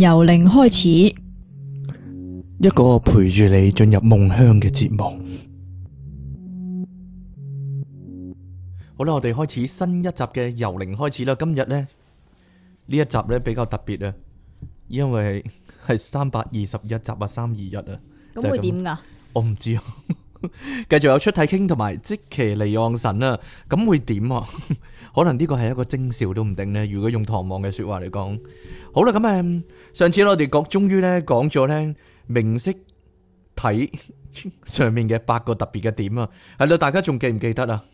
由零開始，一個陪住你進入夢鄉嘅節目。好啦，我哋開始新一集嘅由零開始啦。今日呢，呢一集呢比較特別啊，因為係三百二十一集啊，三二一啊。咁會點噶？我唔知啊。 繼續有出體傾同埋即其離妄神啊，咁會點啊？可能呢個係一個徵兆，都唔定咧。如果用唐望嘅說話嚟講，好啦，咁誒，上次我哋國終於咧講咗咧明晰體上面嘅八個特別嘅點啊，係啦，大家仲記唔記得啊？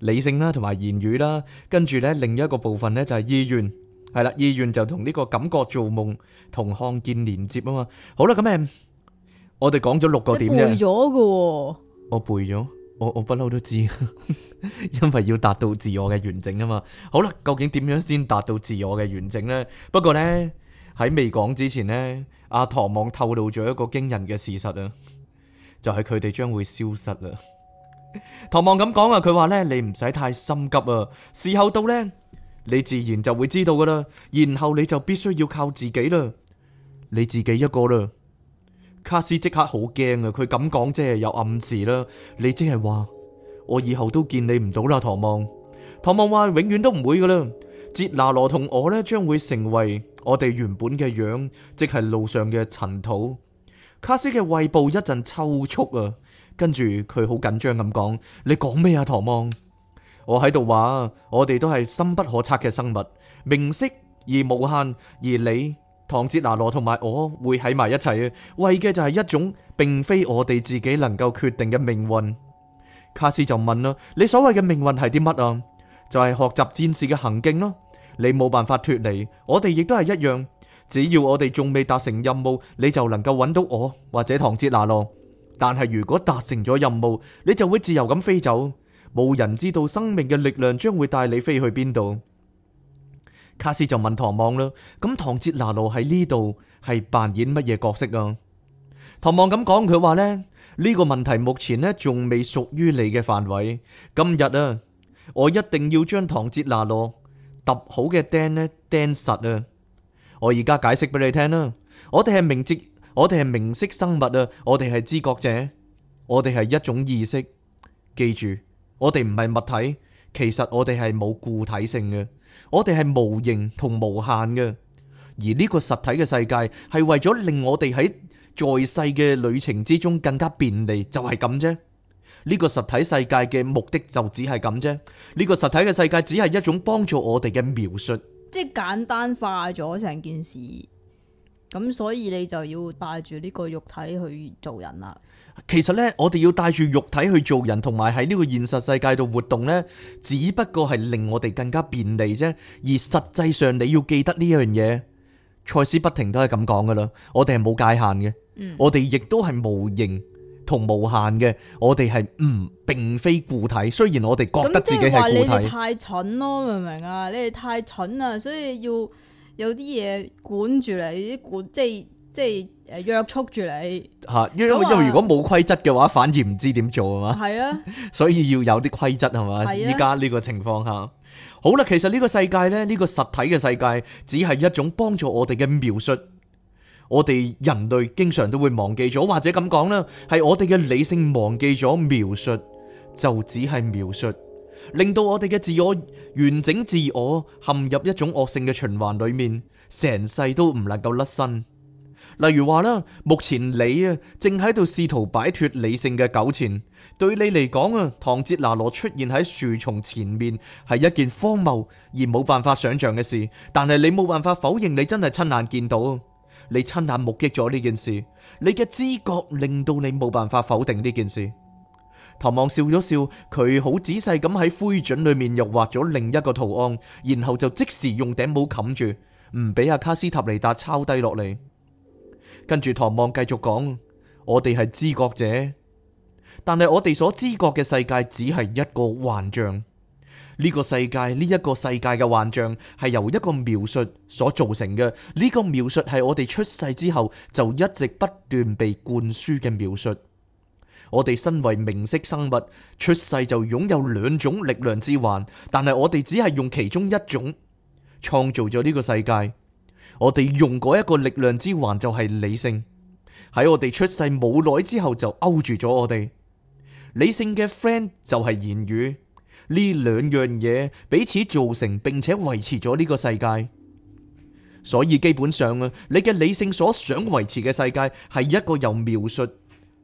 理性啦，同埋言語啦，跟住咧另一個部分咧就係意願，係啦，意願就同呢個感覺做夢同看見連接啊嘛。好啦，咁誒。我哋講咗六個點啫，我背咗，我我不嬲都知， 因為要達到自我嘅完整啊嘛。好啦，究竟點樣先達到自我嘅完整呢？不過呢，喺未講之前呢，阿唐望透露咗一個驚人嘅事實啊，就係佢哋將會消失啦。唐望咁講啊，佢話呢：「你唔使太心急啊，時候到呢，你自然就會知道噶啦，然後你就必須要靠自己啦，你自己一個啦。」卡斯即刻好驚啊！佢咁講即係有暗示啦，你即係話我以後都見你唔到啦，唐望。唐望話永遠都唔會噶啦，捷拿羅同我呢，將會成為我哋原本嘅樣，即係路上嘅塵土。卡斯嘅胃部一陣抽搐啊，跟住佢好緊張咁講：你講咩啊，唐望？我喺度話，我哋都係深不可測嘅生物，明晰而無限，而你。唐哲拿羅同埋我會喺埋一齊啊，為嘅就係一種並非我哋自己能夠決定嘅命運。卡斯就問啦：你所謂嘅命運係啲乜啊？就係學習戰士嘅行徑咯。你冇辦法脫離，我哋亦都係一樣。只要我哋仲未達成任務，你就能夠揾到我或者唐哲拿羅。但係如果達成咗任務，你就會自由咁飛走，冇人知道生命嘅力量將會帶你飛去邊度。卡斯就問唐望啦，咁唐哲拿羅喺呢度係扮演乜嘢角色啊？唐望咁講，佢話呢，呢個問題目前呢仲未屬於你嘅範圍。今日啊，我一定要將唐哲拿羅揼好嘅釘呢釘實啊！我而家解釋俾你聽啦，我哋係明哲，我哋係明識生物啊！我哋係知覺者，我哋係一種意識。記住，我哋唔係物體，其實我哋係冇固體性嘅。我哋係無形同無限嘅，而呢個實體嘅世界係為咗令我哋喺在，在世嘅旅程之中更加便利，就係咁啫。呢個實體世界嘅目的就只係咁啫。呢個實體嘅世界只係一種幫助我哋嘅描述，即係簡單化咗成件事。咁所以你就要帶住呢個肉體去做人啦。其實呢，我哋要帶住肉體去做人，同埋喺呢個現實世界度活動呢，只不過係令我哋更加便利啫。而實際上，你要記得呢樣嘢，賽斯不停都係咁講噶啦。我哋係冇界限嘅，嗯，我哋亦都係無形同無限嘅。我哋係唔並非固體，雖然我哋覺得自己係固體。嗯、即係話你哋太蠢咯，明唔明啊？你哋太蠢啊，所以要有啲嘢管住你，管即係即係。誒，約束住你吓，因為如果冇規則嘅話，啊、反而唔知點做啊嘛。係啊， 所以要有啲規則係嘛。依家呢個情況下，好啦，其實呢個世界呢，呢、呢個實體嘅世界，只係一種幫助我哋嘅描述。我哋人類經常都會忘記咗，或者咁講啦，係我哋嘅理性忘記咗描述，就只係描述，令到我哋嘅自我完整自我陷入一種惡性嘅循環裏面，成世都唔能夠甩身。例如話啦，目前你啊，正喺度試圖擺脫理性嘅糾纏，對你嚟講啊，唐哲拿羅出現喺樹叢前面係一件荒謬而冇辦法想象嘅事。但係你冇辦法否認，你真係親眼見到，你親眼目擊咗呢件事。你嘅知覺令到你冇辦法否定呢件事。唐望笑咗笑，佢好仔細咁喺灰燼裏面又畫咗另一個圖案，然後就即時用頂帽冚住，唔俾阿卡斯塔尼達抄低落嚟。跟住唐望繼續講，我哋係知覺者，但係我哋所知覺嘅世界只係一個幻象。呢、這個世界，呢、這、一個世界嘅幻象係由一個描述所造成嘅。呢、這個描述係我哋出世之後就一直不斷被灌輸嘅描述。我哋身為明識生物，出世就擁有兩種力量之環，但係我哋只係用其中一種創造咗呢個世界。我哋用過一個力量之環，就係理性，喺我哋出世冇耐之後就勾住咗我哋。理性嘅 friend 就係言語，呢兩樣嘢彼此造成並且維持咗呢個世界。所以基本上啊，你嘅理性所想維持嘅世界係一個由描述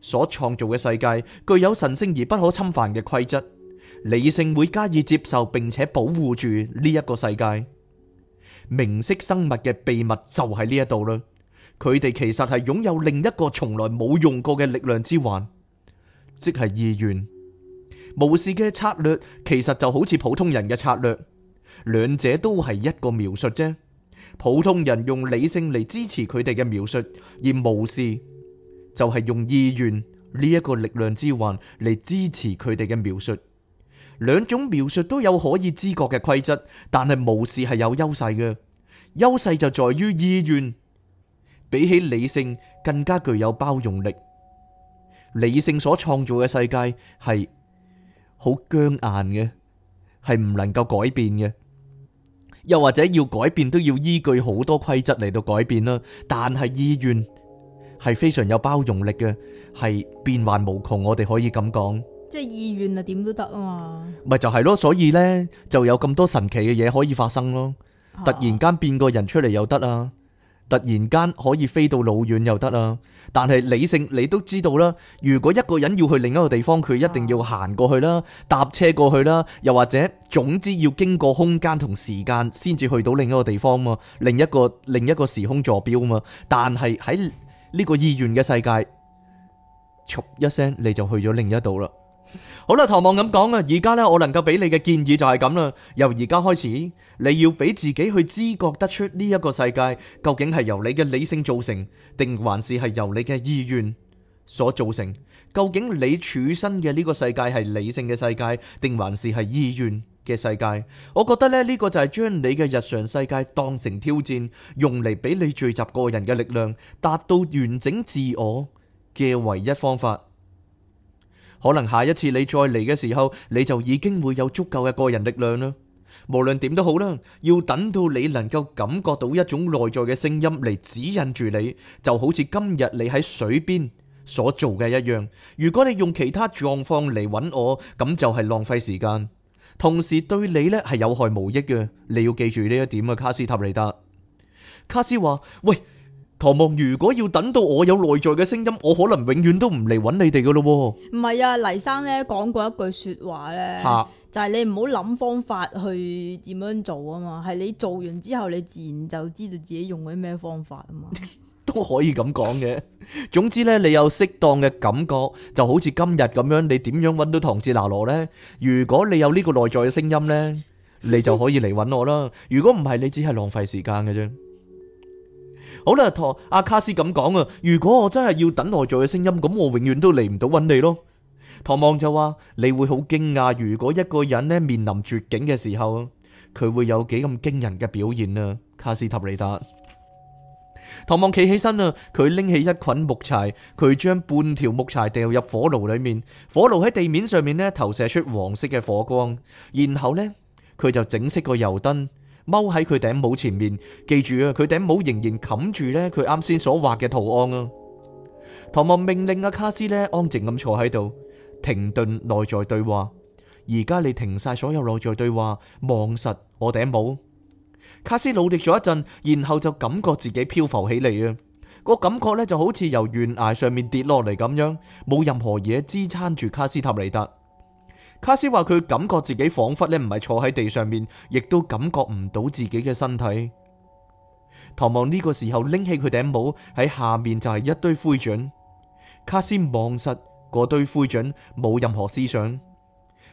所創造嘅世界，具有神聖而不可侵犯嘅規則。理性會加以接受並且保護住呢一個世界。明識生物嘅秘密就喺呢一度啦，佢哋其實係擁有另一個從來冇用過嘅力量之環，即係意願。巫師嘅策略其實就好似普通人嘅策略，兩者都係一個描述啫。普通人用理性嚟，支持佢哋嘅描述，而巫師就係用意願呢一個力量之環嚟支持佢哋嘅描述。兩種描述都有可以知覺嘅規則，但係無視係有優勢嘅。優勢就在於意願，比起理性更加具有包容力。理性所創造嘅世界係好僵硬嘅，係唔能夠改變嘅。又或者要改變都要依據好多規則嚟到改變啦。但係意願係非常有包容力嘅，係變幻無窮。我哋可以咁講。即係意願啊，點都得啊嘛，咪就係咯，所以呢就有咁多神奇嘅嘢可以發生咯，突然間變個人出嚟又得啊，突然間可以飛到老遠又得啦，但係理性你都知道啦，如果一個人要去另一個地方，佢一定要行過去啦，搭車過去啦，又或者總之要經過空間同時間先至去到另一個地方嘛，另一個另一個時空坐標嘛，但係喺呢個意願嘅世界，嚓一聲你就去咗另一度啦。好啦，唐望咁講啊。而家呢，我能夠俾你嘅建議就係咁啦。由而家開始，你要俾自己去知覺得出呢一個世界究竟係由你嘅理性造成，定還是係由你嘅意願所造成？究竟你處身嘅呢個世界係理性嘅世界，定還是係意願嘅世界？我覺得呢，呢個就係將你嘅日常世界當成挑戰，用嚟俾你聚集個人嘅力量，達到完整自我嘅唯一方法。可能下一次你再嚟嘅時候，你就已經會有足夠嘅個人力量啦。無論點都好啦，要等到你能夠感覺到一種內在嘅聲音嚟指引住你，就好似今日你喺水邊所做嘅一樣。如果你用其他狀況嚟揾我，咁就係浪費時間，同時對你呢係有害無益嘅。你要記住呢一點啊，卡斯塔尼達。卡斯話喂。唐望，如果要等到我有內在嘅聲音，我可能永遠都唔嚟揾你哋噶咯。唔係啊，黎生咧講過一句說話咧，哈就係你唔好諗方法去點樣做啊嘛，係你做完之後，你自然就知道自己用緊咩方法啊嘛。 都可以咁講嘅，總之呢，你有適當嘅感覺，就好似今日咁樣，你點樣揾到唐哲拿羅呢？如果你有呢個內在嘅聲音呢，你就可以嚟揾我啦。如果唔係，你只係浪費時間嘅啫。好啦，唐阿卡斯咁講啊，如果我真係要等待在嘅聲音，咁我永遠都嚟唔到揾你咯。唐望就話你會好驚訝，如果一個人呢，面臨絕境嘅時候，佢會有幾咁驚人嘅表現啊，卡斯塔尼達。唐望企起身啊，佢拎起一捆木柴，佢將半條木柴掉入火爐裏面，火爐喺地面上面呢投射出黃色嘅火光，然後呢佢就整熄個油燈。踎喺佢頂帽前面，記住啊，佢頂帽仍然冚住呢佢啱先所畫嘅圖案啊。唐望命令阿、啊、卡斯呢安靜咁坐喺度，停頓內在對話。而家你停晒所有內在對話，望實我頂帽。卡斯努力咗一陣，然後就感覺自己漂浮起嚟啊！個感覺呢就好似由懸崖上面跌落嚟咁樣，冇任何嘢支撐住卡斯塔尼達。卡斯話佢感覺自己仿佛咧唔係坐喺地上面，亦都感覺唔到自己嘅身體。唐望呢個時候拎起佢頂帽喺下面就係一堆灰燼。卡斯望實嗰堆灰燼冇任何思想。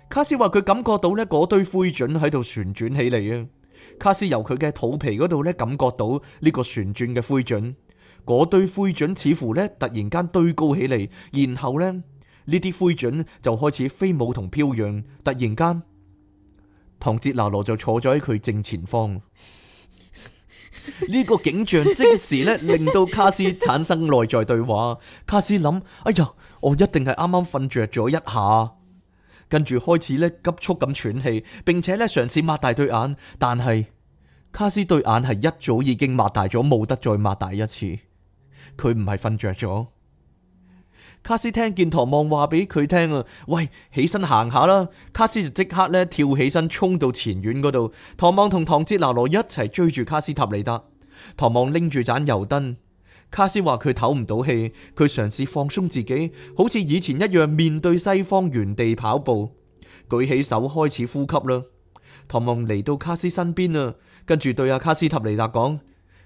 卡斯話佢感覺到呢嗰堆灰燼喺度旋轉起嚟啊！卡斯由佢嘅肚皮嗰度咧感覺到呢個旋轉嘅灰燼，嗰堆灰燼似乎咧突然間堆高起嚟，然後咧。呢啲灰燼就開始飛舞同飄揚，突然間，唐哲拿羅就坐咗喺佢正前方。呢 個景象即時咧令到卡斯產生內在對話。卡斯諗：哎呀，我一定係啱啱瞓着咗一下。跟住開始咧急速咁喘氣，並且咧嘗試擘大對眼，但係卡斯對眼係一早已經擘大咗，冇得再擘大一次。佢唔係瞓着咗。卡斯聽見唐望話俾佢聽啊，喂，起身行下啦！卡斯就即刻咧跳起身，衝到前院嗰度。唐望同唐哲拿羅一齊追住卡斯塔尼達。唐望拎住盞油燈。卡斯話佢唞唔到氣，佢嘗試放鬆自己，好似以前一樣面對西方原地跑步，舉起手開始呼吸啦。唐望嚟到卡斯身邊啊，跟住對阿卡斯塔尼達講：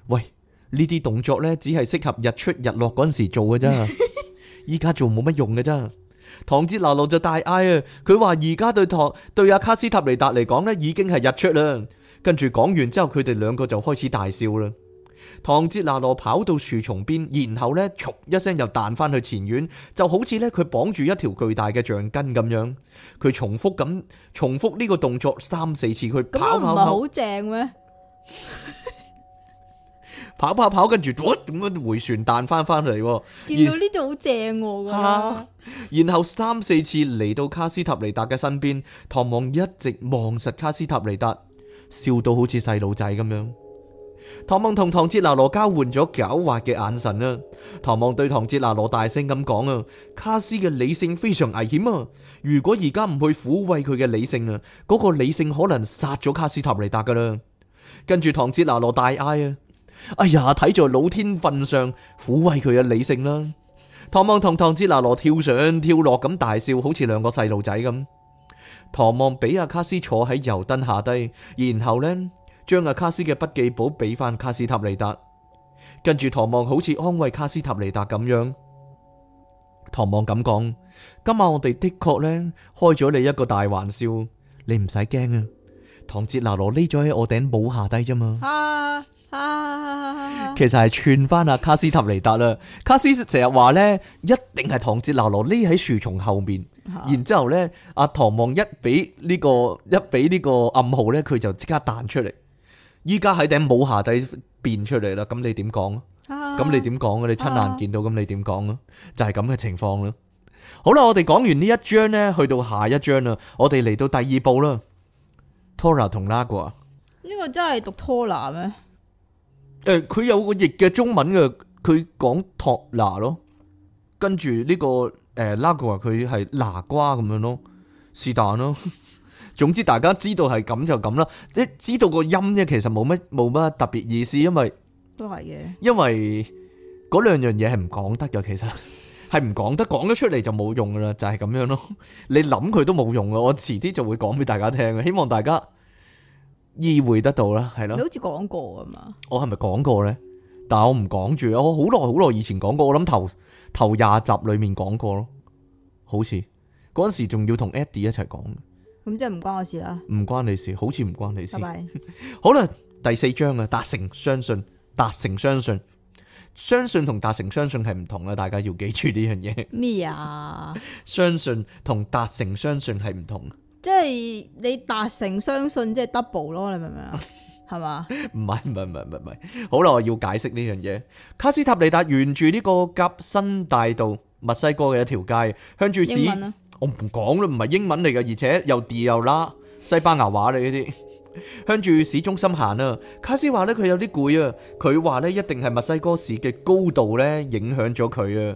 喂，呢啲動作呢，只係適合日出日落嗰陣時做嘅啫。 依家做冇乜用嘅啫，唐哲娜洛就大嗌啊！佢話而家對唐對阿卡斯塔尼達嚟講咧，已經係日出啦。跟住講完之後，佢哋兩個就開始大笑啦。唐哲娜洛跑到樹叢邊，然後呢，咻一聲又彈翻去前院，就好似呢，佢綁住一條巨大嘅橡筋咁樣。佢重複咁重複呢個動作三四次，佢跑跑跑，咁唔係好正咩？ 跑跑跑，跟住，嘩，咁樣回旋彈翻翻嚟，見到呢度好正我噶。啊、然後三四次嚟到卡斯塔尼達嘅身邊，唐望一直望實卡斯塔尼達，笑到好似細路仔咁樣。唐望同唐哲那羅交換咗狡猾嘅眼神啦。唐望對唐哲那羅大聲咁講啊，卡斯嘅理性非常危險啊，如果而家唔去撫慰佢嘅理性啊，嗰、嗰個理性可能殺咗卡斯塔尼達噶啦。跟住唐哲那羅大嗌啊！哎呀，睇在老天份上，撫慰佢嘅理性啦。唐望同唐哲拿羅跳上跳落咁大笑，好似兩個細路仔咁。唐望俾阿卡斯坐喺油燈下低，然後呢，將阿卡斯嘅筆記簿俾返卡斯塔尼達，跟住唐望好似安慰卡斯塔尼達咁樣。唐望咁講：今晚我哋的確呢，開咗你一個大玩笑，你唔使驚啊。唐哲拿羅匿咗喺我頂帽下低啫嘛。啊。其實係串翻阿卡斯塔尼達啦，卡斯成日話呢，一定係唐哲拿羅匿喺樹叢後面，啊、然之後咧，阿唐望一俾呢、這個一俾呢個暗號咧，佢就即刻彈出嚟。依家喺頂冇下底變出嚟啦，咁你點講？咁、啊、你點講？你親眼見到，咁、啊、你點講？就係咁嘅情況啦。好啦，我哋講完呢一章呢，去到下一章啦，我哋嚟到第二部啦，Tora 同拉瓜，呢個真係讀 Tora 咩？誒，佢有個譯嘅中文嘅，佢講托拿咯，跟住呢個誒拉佢話佢係拿瓜咁樣咯，是但咯。總之大家知道係咁就咁啦，一知道個音啫，其實冇乜冇乜特別意思，因為都係嘅，因為嗰兩樣嘢係唔講得嘅，其實係唔講得，講咗出嚟，就冇用噶啦，就係咁樣咯。你諗佢都冇用噶，我遲啲就會講俾大家聽啊，希望大家。意會得到啦，係咯。你好似講過啊嘛？我係咪講過咧？但係我唔講住，我好耐好耐以前講過，我諗頭頭廿集裏面講過咯，好似嗰陣時仲要同 Eddie 一齊講。咁即係唔關我事啦，唔關你事，好似唔關你事。Bye bye。好啦，第四章啊，達成相信，達成相信，相信同達成相信係唔同啦，大家要記住呢樣嘢。咩啊麼？相信同達成相信係唔同。即係你達成相信，即係 double 咯，你明唔明啊？係嘛 吧？唔係唔係唔係唔係，好啦，我要解釋呢樣嘢。卡斯塔尼達沿住呢個夾新大道，墨西哥嘅一條街，向住市，我唔講啦，唔係英文嚟㗎，而且又啲又拉西班牙話嚟呢啲， 向住市中心行啦。卡斯話咧佢有啲攰啊，佢話咧一定係墨西哥市嘅高度咧影響咗佢啊。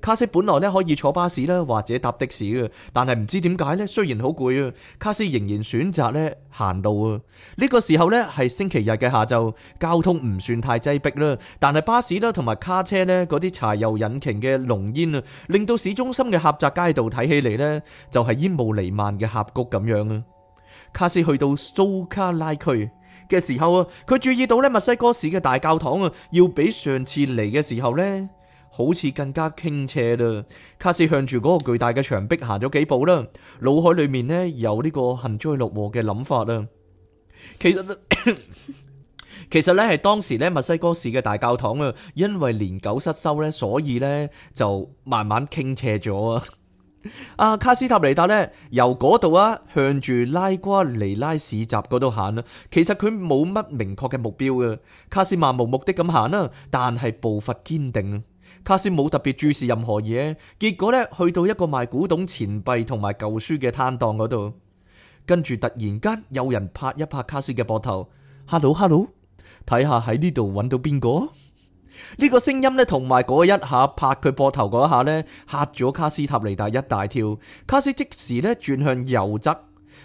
卡斯本來咧可以坐巴士啦，或者搭的士嘅，但係唔知點解呢，雖然好攰啊，卡斯仍然選擇咧行路啊。呢個時候呢，係星期日嘅下晝，交通唔算太擠迫啦，但係巴士啦同埋卡車呢，嗰啲柴油引擎嘅濃煙啊，令到市中心嘅狹窄街道睇起嚟呢，就係煙霧彌漫嘅峽谷咁樣啊。卡斯去到蘇卡拉區嘅時候啊，佢注意到呢墨西哥市嘅大教堂啊，要比上次嚟嘅時候呢。好似更加傾斜啦。卡斯向住嗰個巨大嘅牆壁行咗幾步啦，腦海裏面呢有呢個幸災樂禍嘅諗法啦。其實 其實咧，係當時咧，墨西哥市嘅大教堂啊，因為年久失修呢，所以呢就慢慢傾斜咗啊。啊卡斯塔尼達呢由嗰度啊向住拉瓜尼拉市集嗰度行啊。其實佢冇乜明確嘅目標嘅，卡斯漫無目的咁行啦，但係步伐堅定啊。卡斯冇特別注視任何嘢，結果咧去到一個賣古董錢幣同埋舊書嘅攤檔嗰度，跟住突然間有人拍一拍卡斯嘅膊頭，hello hello，睇下喺呢度揾到邊個？呢個聲音呢，同埋嗰一下拍佢膊頭嗰一下呢，嚇咗卡斯塔尼達一大跳。卡斯即時咧轉向右側，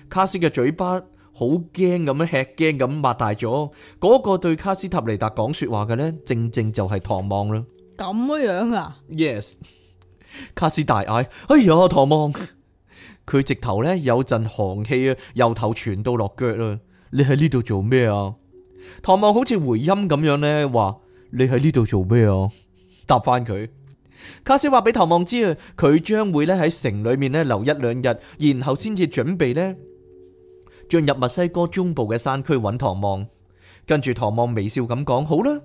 卡斯嘅嘴巴好驚咁樣吃驚咁擘大咗。嗰個對卡斯塔尼達講說話嘅呢，正正就係唐望啦。咁樣啊？Yes，卡斯大嗌：哎呀，唐望，佢 直頭呢有陣寒氣啊，由頭傳到落腳啊！你喺呢度做咩啊？唐望好似回音咁樣呢話，你喺呢度做咩啊？答翻佢。卡斯話俾唐望知啊，佢將會呢喺城裏面咧留一兩日，然後先至準備呢進入墨西哥中部嘅山區揾唐望。跟住唐望微笑咁講：好啦。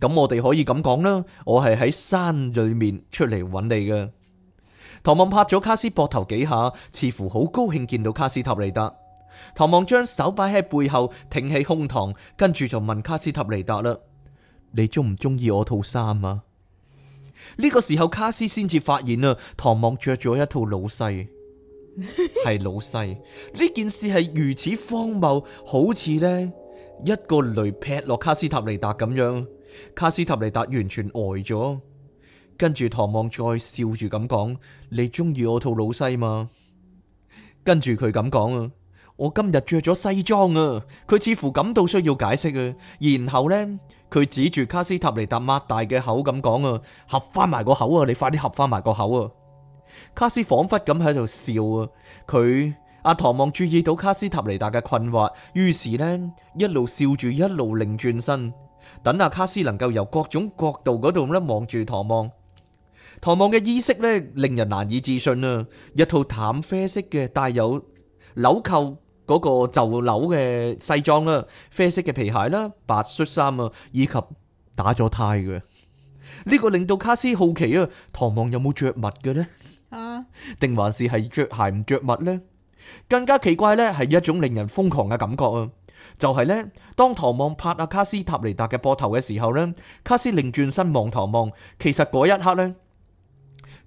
咁我哋可以咁講啦，我係喺山裏面出嚟揾你嘅。唐望拍咗卡斯膊頭幾下，似乎好高興見到卡斯塔尼達。唐望將手擺喺背後，挺起胸膛，跟住就問卡斯塔尼達啦：你中唔中意我套衫啊？呢、這個時候卡斯先至發現啦，唐望着咗一套老細，係 老細，呢件事係如此荒謬，好似呢一個雷劈落卡斯塔尼達咁樣。卡斯塔尼達完全呆咗，跟住唐望再笑住咁講：你中意我套老西嘛？跟住佢咁講啊，我今日着咗西裝啊。佢似乎感到需要解釋啊。然後呢，佢指住卡斯塔尼達擘大嘅口咁講啊，合翻埋個口啊，你快啲合翻埋個口啊！卡斯仿佛咁喺度笑啊。佢阿唐望注意到卡斯塔尼達嘅困惑，於是呢，一路笑住一路擰轉身。等阿卡斯能夠由各種角度嗰度咁咧望住唐望，唐望嘅衣飾咧令人難以置信啊！一套淡啡色嘅帶有紐扣嗰個袖紐嘅西裝啦，啡色嘅皮鞋啦，白恤衫啊，以及打咗呔嘅。呢個令到卡斯好奇啊！唐望有冇着襪嘅咧？啊，定還是係着鞋唔着襪咧？更加奇怪咧，係一種令人瘋狂嘅感覺啊！就係呢，當唐望拍阿卡斯塔尼達嘅膊頭嘅時候呢，卡斯擰轉身望唐望，其實嗰一刻呢，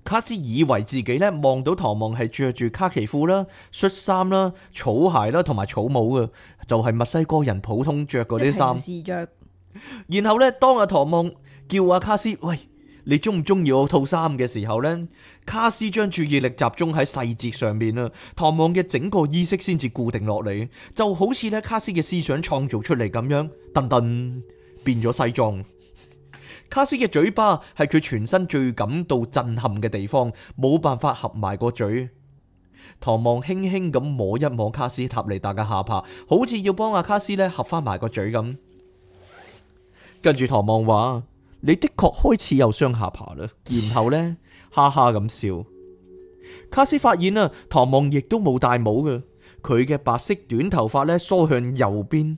卡斯以為自己呢望到唐望係着住卡其褲啦、恤衫啦、草鞋啦同埋草帽嘅，就係、是、墨西哥人普通着嗰啲衫。然後呢，當阿唐望叫阿卡斯喂，你中唔中意我套衫嘅時候呢，卡斯將注意力集中喺細節上面啦，唐望嘅整個意識先至固定落嚟，就好似咧卡斯嘅思想創造出嚟咁樣，噔噔變咗西裝。卡斯嘅嘴巴係佢全身最感到震撼嘅地方，冇辦法合埋個嘴。唐望輕輕咁摸一摸卡斯塔尼達嘅下巴，好似要幫阿、啊、卡斯咧合翻埋個嘴咁。跟住唐望話。你的確開始有雙下巴啦，然後呢，哈哈咁笑。卡斯發現啦，唐望亦都冇戴帽嘅，佢嘅白色短頭髮咧梳向右邊，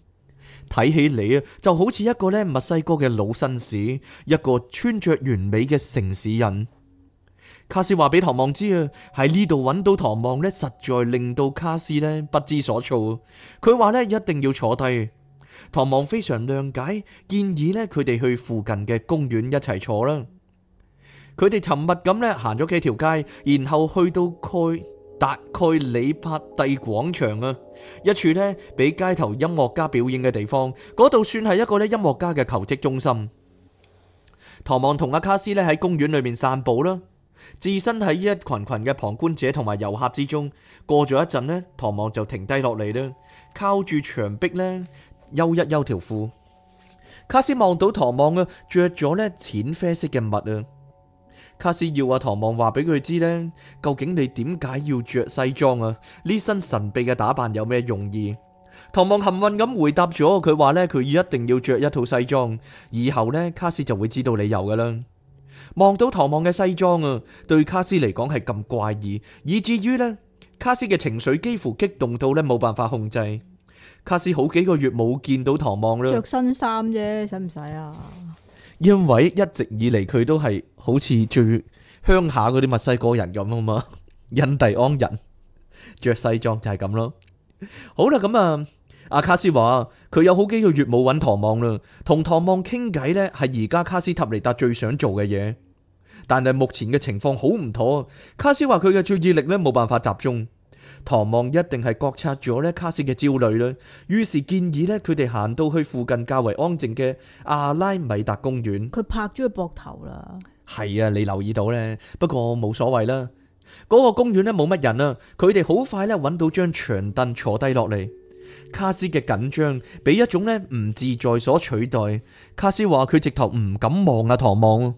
睇起嚟啊就好似一個咧墨西哥嘅老紳士，一個穿着完美嘅城市人。卡斯話俾唐望知啊，喺呢度揾到唐望呢，實在令到卡斯呢不知所措。佢話咧一定要坐低。唐望非常諒解，建議咧佢哋去附近嘅公園一齊坐啦。佢哋沉默咁咧行咗幾條街，然後去到蓋達蓋里帕蒂廣場啊，一處咧俾街頭音樂家表演嘅地方。嗰度算係一個咧音樂家嘅求職中心。唐望同阿卡斯咧喺公園裏面散步啦，置身喺呢一群群嘅旁觀者同埋遊客之中。過咗一陣咧，唐望就停低落嚟啦，靠住牆壁咧。休一休條褲，卡斯望到唐望啊，着咗咧淺啡色嘅襪啊。卡斯要阿唐望話俾佢知咧，究竟你點解要着西裝啊？呢身神秘嘅打扮有咩用意？唐望幸運咁回答咗佢話呢，佢一定要着一套西裝，以後呢卡斯就會知道理由噶啦。望到唐望嘅西裝啊，對卡斯嚟講係咁怪異，以至於呢，卡斯嘅情緒幾乎激動到咧冇辦法控制。卡斯好幾個月冇見到唐望啦，着新衫啫，使唔使啊？因為一直以嚟佢都係好似住鄉下嗰啲墨西哥人咁啊嘛， 印第安人着西裝就係咁咯。好啦，咁啊，阿卡斯話佢有好幾個月冇搵唐望啦，同唐望傾偈呢，係而家卡斯塔尼達最想做嘅嘢，但係目前嘅情況好唔妥，卡斯話佢嘅注意力呢，冇辦法集中。唐望一定係覺察咗咧，卡斯嘅焦慮啦，於是建議咧佢哋行到去附近較為安靜嘅阿拉米達公園。佢拍咗佢膊頭啦，係啊，你留意到咧，不過冇所謂啦。嗰、那個公園咧冇乜人啊，佢哋好快咧搵到張長凳坐低落嚟。卡斯嘅緊張俾一種咧唔自在所取代。卡斯話佢直頭唔敢望阿、啊、唐望。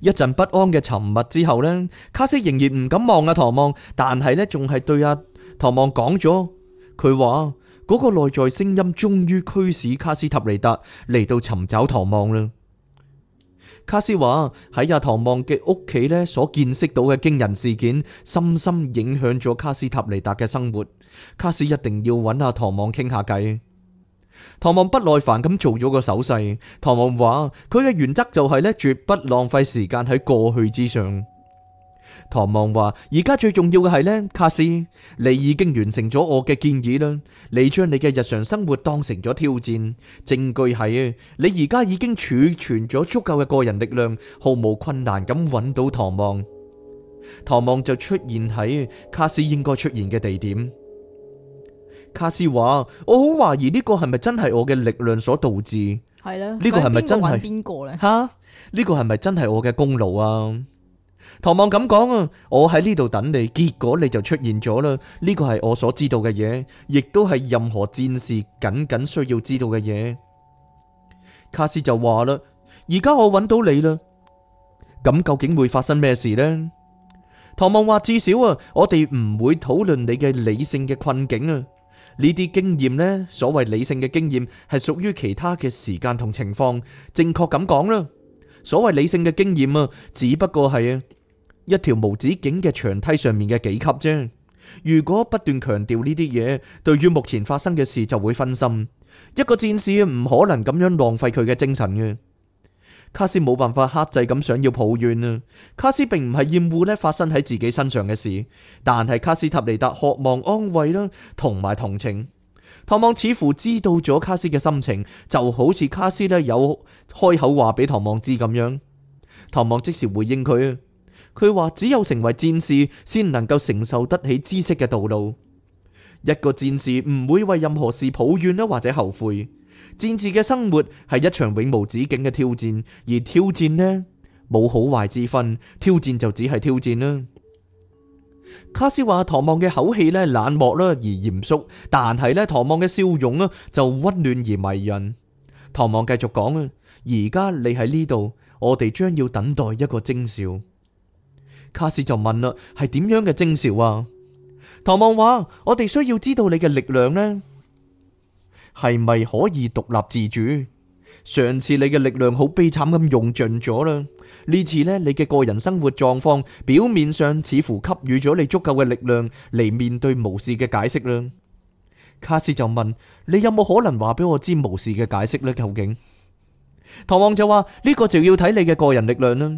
一陣不安嘅沉默之後呢，卡斯仍然唔敢望阿唐望，但係呢，仲係對阿、啊、唐望講咗，佢話嗰個內在聲音終於驅使卡斯塔尼達嚟到尋找唐望啦。卡斯話喺阿唐望嘅屋企呢，所見識到嘅驚人事件，深深影響咗卡斯塔尼達嘅生活。卡斯一定要揾阿唐望傾下偈。唐望不耐煩咁做咗個手勢。唐望話：佢嘅原則就係咧，絕不浪費時間喺過去之上。唐望話：而家最重要嘅係呢，卡斯，你已經完成咗我嘅建議啦。你將你嘅日常生活當成咗挑戰。證據係你而家已經儲存咗足夠嘅個人力量，毫無困難咁揾到唐望。唐望就出現喺卡斯應該出現嘅地點。卡斯話：我好懷疑呢個係咪真係我嘅力量所導致？係啦，呢個係咪真係？邊個呢？吓，呢個係咪真係我嘅功勞啊？唐望咁講啊，我喺呢度等你，結果你就出現咗啦。呢個係我所知道嘅嘢，亦都係任何戰士僅僅需要知道嘅嘢。卡斯就話啦，而家我揾到你啦，咁究竟會發生咩事呢？唐望話：至少啊，我哋唔會討論你嘅理性嘅困境啊。呢啲經驗呢，所謂理性嘅經驗係屬於其他嘅時間同情況，正確咁講啦。所謂理性嘅經驗啊，只不過係一條無止境嘅長梯上面嘅幾級啫。如果不斷強調呢啲嘢，對於目前發生嘅事就會分心。一個戰士唔可能咁樣浪費佢嘅精神嘅。卡斯冇辦法克制咁想要抱怨啊！卡斯並唔係厭惡咧發生喺自己身上嘅事，但係卡斯塔尼達渴望安慰啦，同埋同情。唐望似乎知道咗卡斯嘅心情，就好似卡斯咧有開口話俾唐望知咁樣。唐望即時回應佢，佢話只有成為戰士先能夠承受得起知識嘅道路。一個戰士唔會為任何事抱怨啦，或者後悔。戰士嘅生活係一場永無止境嘅挑戰，而挑戰呢冇好壞之分，挑戰就只係挑戰啦。卡斯話唐望嘅口氣呢冷漠啦而嚴肅，但係呢唐望嘅笑容呢就温暖而迷人。唐望繼續講啊，而家你喺呢度，我哋將要等待一個徵兆。卡斯就問啦，係點樣嘅徵兆啊？唐望話我哋需要知道你嘅力量呢？係咪可以獨立自主？上次你嘅力量好悲慘咁用盡咗啦，呢次呢，你嘅個人生活狀況表面上似乎給予咗你足夠嘅力量嚟面對巫士嘅解釋啦。卡斯就問：你有冇可能話俾我知巫士嘅解釋呢？究竟唐望就話呢個就要睇你嘅個人力量啦，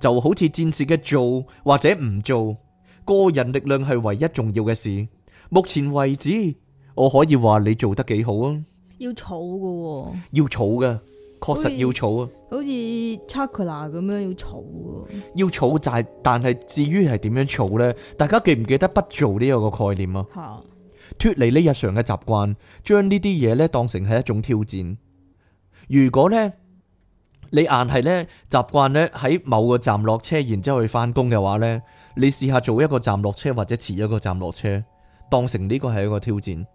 就好似戰士嘅做或者唔做，個人力量係唯一重要嘅事。目前為止。我可以話你做得幾好啊！要儲嘅、哦，要儲嘅，確實要儲啊。好似 Chocolate 咁樣要儲嘅，要儲債，但係至於係點樣儲呢？大家記唔記得不做呢個概念啊？吓的，脫離呢日常嘅習慣，將呢啲嘢呢當成係一種挑戰。如果呢，你硬係呢習慣呢，喺某個站落車，然之後去翻工嘅話呢，你試下做一個站落車，或者遲一個站落車，當成呢個係一個挑戰。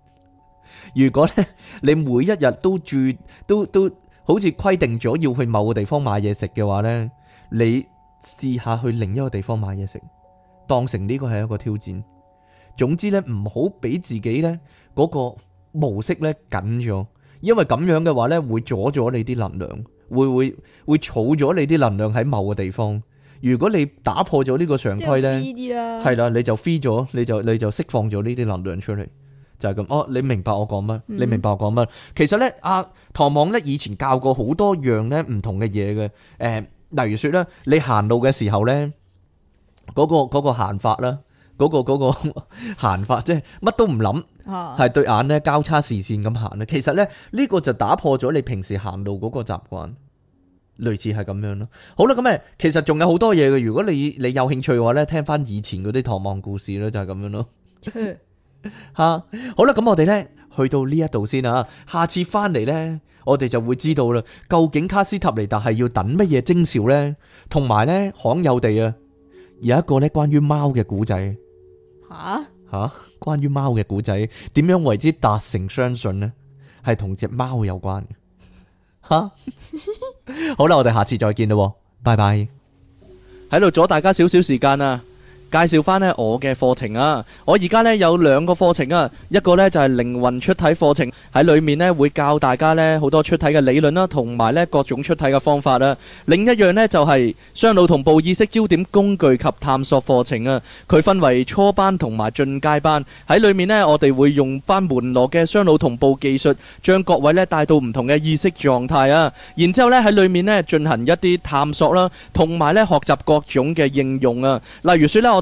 如果咧，你每一日都住都都好似規定咗要去某個地方買嘢食嘅話呢，你試下去另一個地方買嘢食，當成呢個係一個挑戰。總之呢，唔好俾自己呢嗰個模式呢緊咗，因為咁樣嘅話呢會阻咗你啲能量，會會會儲咗你啲能量喺某個地方。如果你打破咗呢個常規呢，係啦，你就飛咗，你就你就,你就釋放咗呢啲能量出嚟。就係咁哦，你明白我講乜？你明白我講乜？嗯、其實咧，阿、啊、唐望咧以前教過好多樣咧唔同嘅嘢嘅，誒、呃，例如說咧，你行路嘅時候咧，嗰個嗰個行法啦，嗰個嗰個行法，即係乜都唔諗，係、啊、對眼咧交叉視線咁行咧。其實咧呢個就打破咗你平時行路嗰個習慣，類似係咁樣咯。好啦，咁誒，其實仲有好多嘢嘅。如果你你有興趣嘅話咧，聽翻以前嗰啲唐望故事咯，就係咁樣咯。嗯吓、啊，好啦，咁我哋呢，去到呢一度先啊，下次翻嚟呢，我哋就會知道啦，究竟卡斯塔尼達係要等乜嘢徵兆呢？同埋呢，罕有地啊，有一個呢關於貓嘅古仔。吓吓，關於貓嘅古仔，點、啊啊、樣為之達成相信呢？係同隻貓有關嘅。吓、啊， 好啦，我哋下次再見啦，拜拜。喺度 阻大家少少時間啊！介紹翻呢我嘅課程啊！我而家呢有兩個課程啊，一個呢就係靈魂出體課程，喺裏面呢會教大家呢好多出體嘅理論啦，同埋呢各種出體嘅方法啊。另一樣呢就係雙腦同步意識焦點工具及探索課程啊，佢分為初班同埋進階班。喺裏面呢，我哋會用翻門羅嘅雙腦同步技術，將各位呢帶到唔同嘅意識狀態啊。然之後呢喺裏面呢進行一啲探索啦，同埋呢學習各種嘅應用啊。例如説呢我。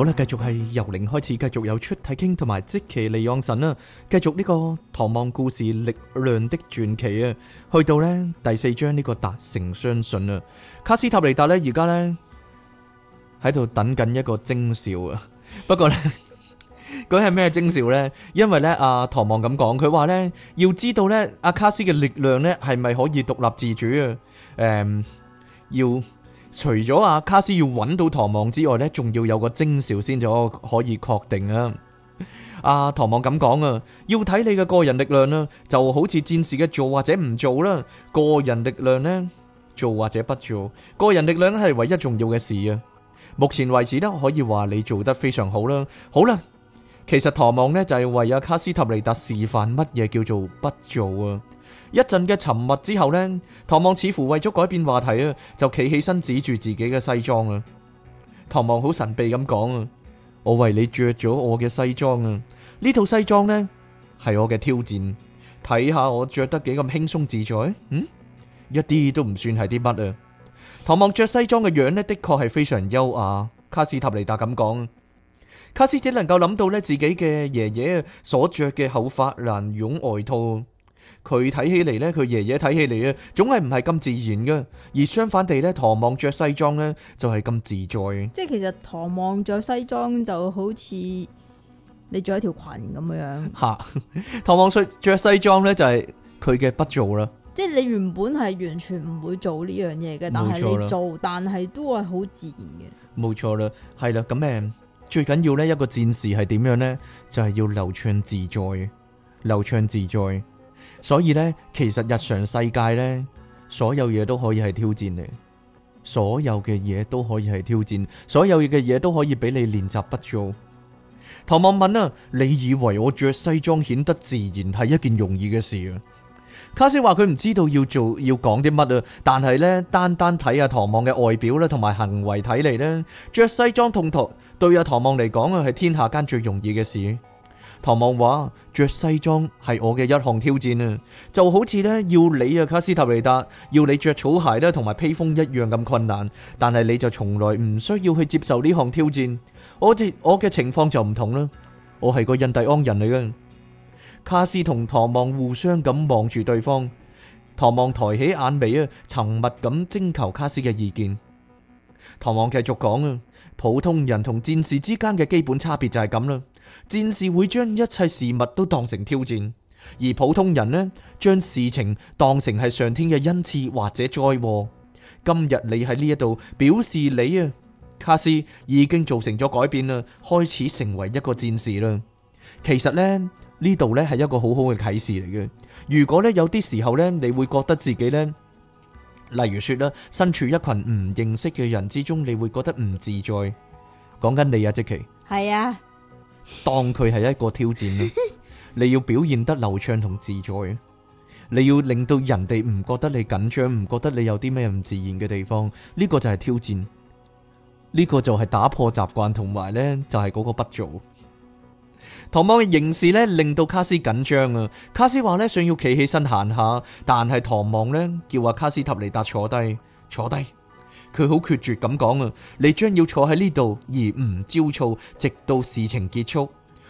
好啦，繼續係由零開始，繼續有出體傾同埋即奇利昂神啦，繼續呢、呢個唐望故事力量的傳奇啊，去到呢第四章呢、呢個達成相信啦。卡斯塔尼達呢而家呢喺度等緊一個徵兆啊，不過呢，佢係咩徵兆呢？因為呢，阿、啊、唐望咁講，佢話呢要知道呢，阿卡斯嘅力量呢係咪可以獨立自主啊？誒、嗯，要。除咗阿卡斯要揾到唐望之外呢，仲要有個徵兆先至可以確定啊！阿唐望咁講啊，要睇，你嘅個人力量啦、啊，就好似戰士嘅做或者唔做啦。個人力量呢，做或者不做，個人力量係唯一重要嘅事啊。目前為止呢，可以話你做得非常好啦。好啦，其實唐望呢就係、是、為阿卡斯塔尼達示範乜嘢叫做不做啊。一陣嘅沉默之後呢，唐望似乎為咗改變話題啊，就企起身指住自己嘅西裝啊。唐望好神秘咁講啊：「我為你着咗我嘅西裝啊。呢套西裝呢係我嘅挑戰，睇下我着得幾咁輕鬆自在。嗯，一啲都唔算係啲乜啊。唐望着西裝嘅樣呢，的確係非常優雅。卡斯塔尼達咁講，卡斯只能夠諗到呢自己嘅爺爺所着嘅厚法蘭絨外套。佢睇起嚟咧，佢爺爺睇起嚟啊，總係唔係咁自然噶而相反地咧，唐望着西裝咧就係咁自在。即係其實唐望着西裝就好似你着一條裙咁樣吓。唐 望着西裝咧就係佢嘅不做啦。即係你原本係完全唔會做呢樣嘢嘅，但係你做，但係都係好自然嘅。冇錯啦，係啦。咁誒，最緊要咧一個戰士係點樣咧？就係、是、要流暢自在，流暢自在。所以咧，其實日常世界咧，所有嘢，都可以係挑戰嘅，所有嘅嘢都可以係挑戰，所有嘅嘢都可以俾你練習不做。唐望問啊，你以為我着西裝顯得自然係一件容易嘅事啊？卡斯話佢唔知道要做要講啲乜啊，但係咧，單單睇阿唐望嘅外表咧，同埋行為睇嚟咧，着西裝痛托對阿唐望嚟講啊，係天下間最容易嘅事。唐望話：着西裝係我嘅一項挑戰啊，就好似呢要你啊卡斯塔尼達要你着草鞋呢同埋披風一樣咁困難，但係你就從來唔需要去接受呢項挑戰。我嘅我嘅情況就唔同啦，我係個印第安人嚟嘅。卡斯同唐望互相咁望住對方，唐望抬起眼眉啊，沉默咁徵求卡斯嘅意見。唐望繼續講啊，普通人同戰士之間嘅基本差別就係咁啦。戰士會將一切事物都當成挑戰，而普通人呢，將事情當成係上天嘅恩賜或者災禍。今日你喺呢一度表示你啊，卡斯已經做成咗改變啦，開始成為一個戰士啦。其實呢，呢度呢係一個好好嘅啟示嚟嘅。如果呢，有啲時候呢，你會覺得自己呢，例如說啦，身處一群唔認識嘅人之中，你會覺得唔自在。講緊你啊，即琪係呀。當佢係一個挑戰，你要表現得流暢同自在，你要令到人哋唔覺得你緊張，唔覺得你有啲咩唔自然嘅地方，呢個就係挑戰，呢個就係打破習慣，同埋呢就係嗰個不做。唐望嘅凝視咧令到卡斯緊張啊！卡斯話呢，想要企起身行下，但係唐望呢，叫阿卡斯塔尼達坐低，坐低。佢好決絕咁講啊！你將要坐喺呢度而唔焦躁，直到事情結束。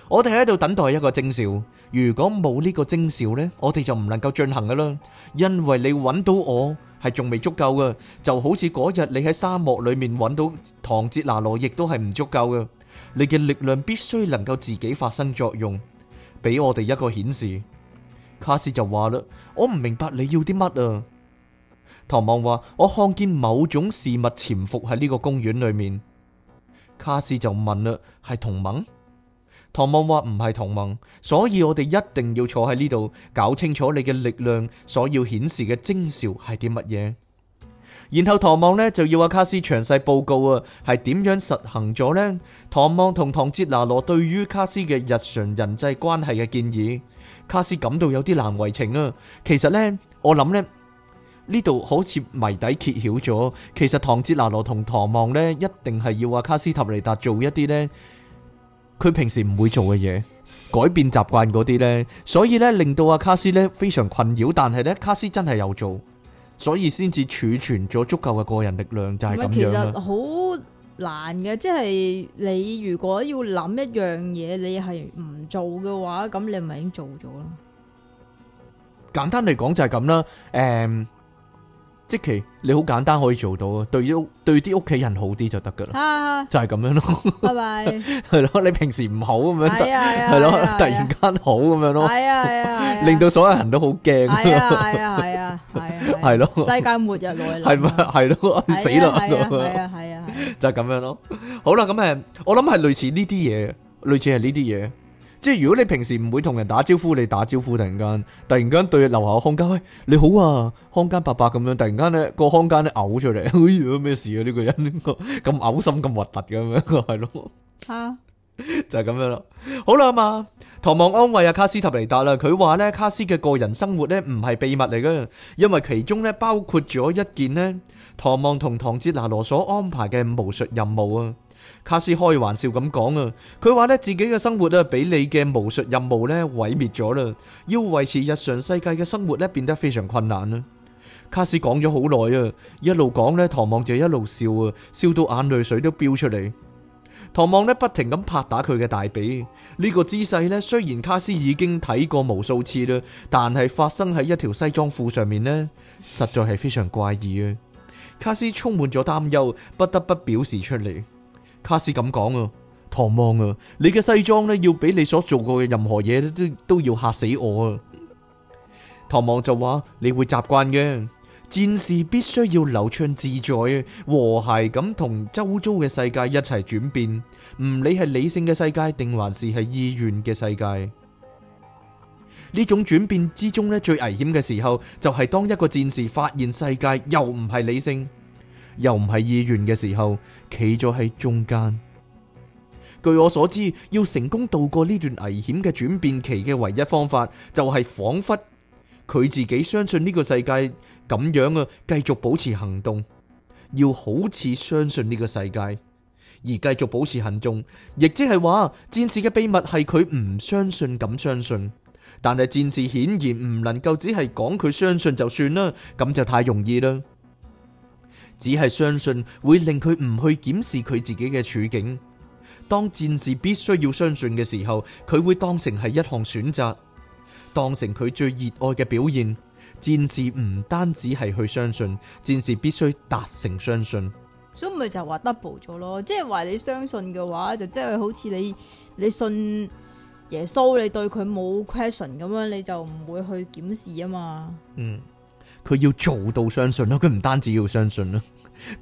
我哋喺度等待一個徵兆。如果冇呢個徵兆呢，我哋就唔能夠進行噶啦。因為你揾到我係仲未足夠噶，就好似嗰日你喺沙漠裏面揾到唐哲拿羅，亦都係唔足夠噶。你嘅力量必須能夠自己發生作用，俾我哋一個顯示。卡斯就話啦，我唔明白你要啲乜啊！唐望話：，我看見某種事物潛伏喺呢個公園裏面。卡斯就問啦：，係同盟？唐望話：唔係同盟，所以我哋一定要坐喺呢度搞清楚你嘅力量所要顯示嘅徵兆係啲乜嘢。然後唐望呢就要阿卡斯詳細報告啊，係點樣實行咗呢，唐望同唐哲拿羅對於卡斯嘅日常人際關係嘅建議，卡斯感到有啲難為情啊。其實呢，我諗呢……」呢度好似謎底揭曉咗，其實唐杰娜羅同唐望呢，一定係要阿卡斯塔尼達做一啲呢，佢平時唔會做嘅嘢，改變習慣嗰啲呢。所以呢，令到阿卡斯呢非常困擾，但係呢，卡斯真係有做，所以先至儲存咗足夠嘅個人力量就係、是、咁樣啦。其實好難嘅，即係你如果要諗一樣嘢，你係唔做嘅話，咁你咪已經做咗咯。簡單嚟講就係咁啦，誒、嗯。即其，你好簡單可以做到啊，對屋對啲屋企人好啲就得噶啦，就係咁樣咯，係咪？係咯，你平時唔好咁樣，係咯，突然間好咁樣咯，係啊係啊，令到所有人都好驚啊，係啊係啊係啊係啊，係咯，世界末日來臨，係咪？係咯，死啦，係啊係啊，就係咁樣咯。好啦，咁誒，我諗係類似呢啲嘢，類似係呢啲嘢。即係如果你平時唔會同人打招呼，你打招呼突然間突然間，對樓下個看更，喂你好啊，看更伯伯咁樣，突然間咧個看更咧嘔出嚟，哎呀咩事啊呢，呢個人咁嘔，呢個，心咁核突咁樣，係咯吓，就係咁樣咯。啊、 樣，好啦啊嘛，唐望安慰阿卡斯塔尼達啦，佢話咧卡斯嘅個人生活咧唔係秘密嚟噶，因為其中咧包括咗一件呢，唐望同唐哲拿羅所安排嘅巫術任務啊。卡斯開玩笑咁講啊，佢話咧自己嘅生活啊，俾你嘅巫術任務咧毀滅咗啦，要維持日常世界嘅生活咧變得非常困難啦。卡斯講咗好耐啊，一路講咧唐望就一路笑啊，笑到眼淚水都飆出嚟。唐望呢不停咁拍打佢嘅大髀，呢、呢個姿勢呢雖然卡斯已經睇過無數次啦，但係發生喺一條西裝褲上面呢，實在係非常怪異啊。卡斯充滿咗擔憂，不得不表示出嚟。卡斯咁講啊，唐望啊，你嘅西裝呢，要比你所做過嘅任何嘢都都要嚇死我啊！唐望就話：你會習慣嘅，戰士必須要流暢自在、和諧咁同周遭嘅世界一齊轉變，唔理係理性嘅世界定還是係意願嘅世界。呢種轉變之中呢，最危險嘅時候就係、是、當一個戰士發現世界又唔係理性又唔係議員嘅時候，企咗喺中間。據我所知，要成功度過呢段危險嘅轉變期嘅唯一方法，就係仿佛佢自己相信呢個世界咁樣啊，繼續保持行動，要好似相信呢個世界而繼續保持行動，亦即係話戰士嘅秘密係佢唔相信咁相信，但係戰士顯然唔能夠只係講佢相信就算啦，咁就太容易啦。只係相信會令佢唔去檢視佢自己嘅處境。當戰士必須要相信嘅時候，佢會當成係一項選擇，當成佢最熱愛嘅表現。戰士唔單止係去相信，戰士必須達成相信。所以咪就係話 double 咗咯，即係話你相信嘅話，就即係好似你你信耶穌，你對佢冇 question 咁樣，你就唔會去檢視啊嘛。嗯。佢要做到相信咯，佢唔單止要相信咯，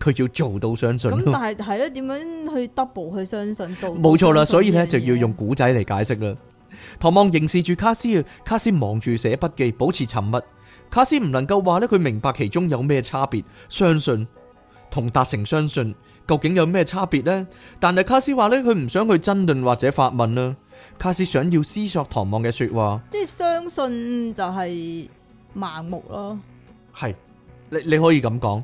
佢要做到相信。咁但係係咯，點樣去 double 去相信？做冇錯啦，所以咧就要用古仔嚟解釋啦。唐望凝視住卡斯啊，卡斯忙住寫筆記，保持沉默。卡斯唔能夠話咧，佢明白其中有咩差別？相信同達成相信究竟有咩差別呢？但係卡斯話咧，佢唔想去爭論或者發問啦。卡斯想要思索唐望嘅說話，即係相信就係盲目咯。係，你你可以咁講，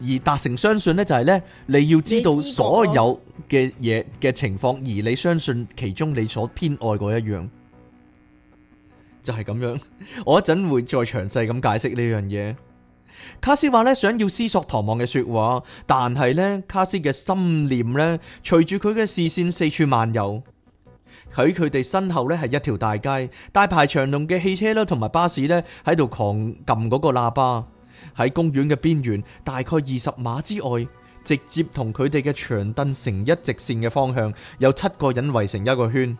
而達成相信呢，就係呢，你要知道所有嘅嘢嘅情況，而你相信其中你所偏愛嗰一樣，就係、是、咁樣。我一陣會，會再詳細咁解釋呢樣嘢。卡斯話呢，想要思索唐望嘅説話，但係呢，卡斯嘅心念呢，隨住佢嘅視線四處漫遊。喺佢哋身後呢係一條大街，大排長龍嘅汽車啦同埋巴士呢喺度狂撳嗰個喇叭。喺公園嘅邊緣，大概二十碼之外，直接同佢哋嘅長凳成一直線嘅方向，有七個人圍成一個圈，